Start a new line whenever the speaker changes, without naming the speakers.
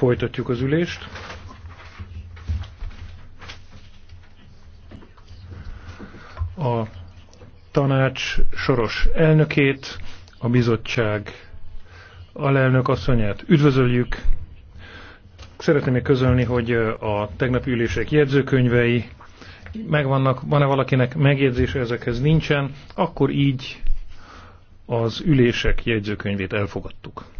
Folytatjuk az ülést.
A tanács soros elnökét, a bizottság alelnök asszonyát üdvözöljük. Szeretném még közölni, hogy a tegnapi ülések jegyzőkönyvei megvannak, van-e valakinek megjegyzése ezekhez nincsen, akkor így az ülések jegyzőkönyvét elfogadtuk.